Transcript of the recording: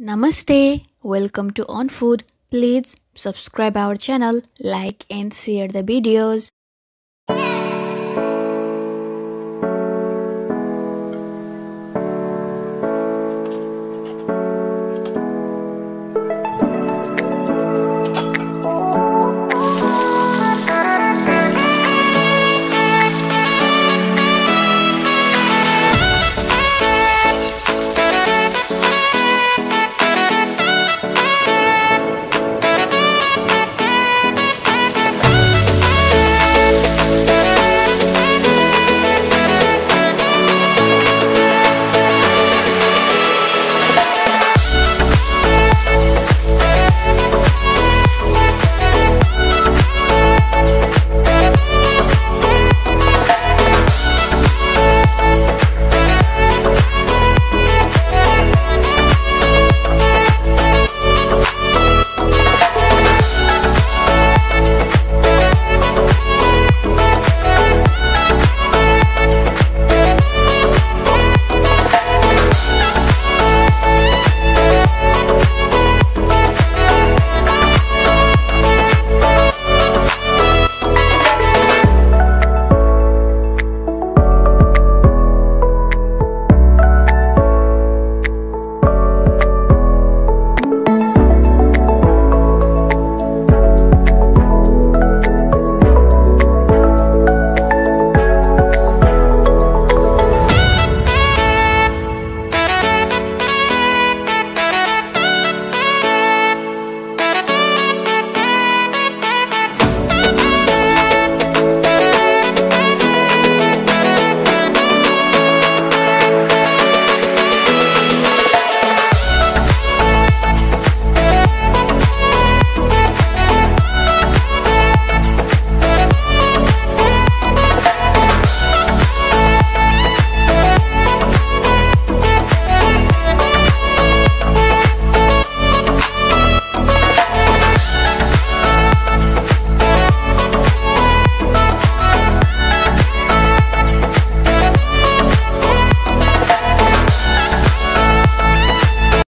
Namaste. Welcome to On Food. Please subscribe our channel, like and share the videos.